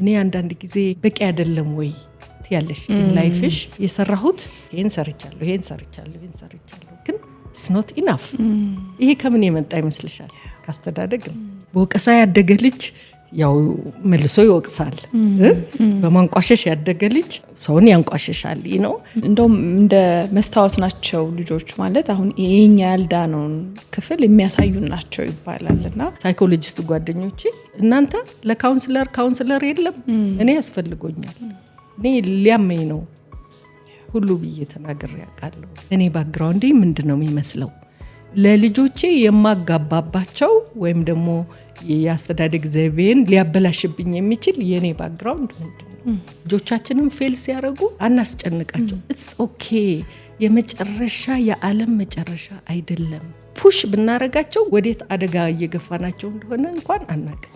እኔ አንዳንድ ጊዜ በቂ አይደለም ወይ ያለሽ ላይፍሽ የሰራሁት ይሄን ሰርቻለሁ፣ ይሄን ሰርቻለሁ፣ ይሄን ሰርቻለሁ፣ ግን ስኖት ኢናፍ። ይሄ ከምን የመጣ ይመስልሻል? ካስተዳደግ ነው። በወቀሳ ያደገ ልጅ ያው መልሶ ይወቅሳል። በማንቋሸሽ ያደገ ልጅ ሰውን ያንቋሸሻል ነው። እንደውም እንደ መስታወት ናቸው ልጆች ማለት አሁን የኛ ያልዳነውን ክፍል የሚያሳዩ ናቸው ይባላል። እና ሳይኮሎጂስት ጓደኞች እናንተ ለካውንስለር ካውንስለር የለም እኔ ያስፈልጎኛል እኔ ሊያመኝ ነው ሁሉ ብዬ ተናግሬ ያውቃለሁ። እኔ ባግራውንዴ ምንድን ነው የሚመስለው ለልጆቼ የማጋባባቸው ወይም ደግሞ የአስተዳደግ ዘይቤን ሊያበላሽብኝ የሚችል የእኔ ባክግራውንድ ምንድን ነው? ልጆቻችንም ፌል ሲያደርጉ አናስጨንቃቸው። ኢትስ ኦኬ። የመጨረሻ የዓለም መጨረሻ አይደለም። ፑሽ ብናረጋቸው ወዴት አደጋ እየገፋናቸው እንደሆነ እንኳን አናውቅም።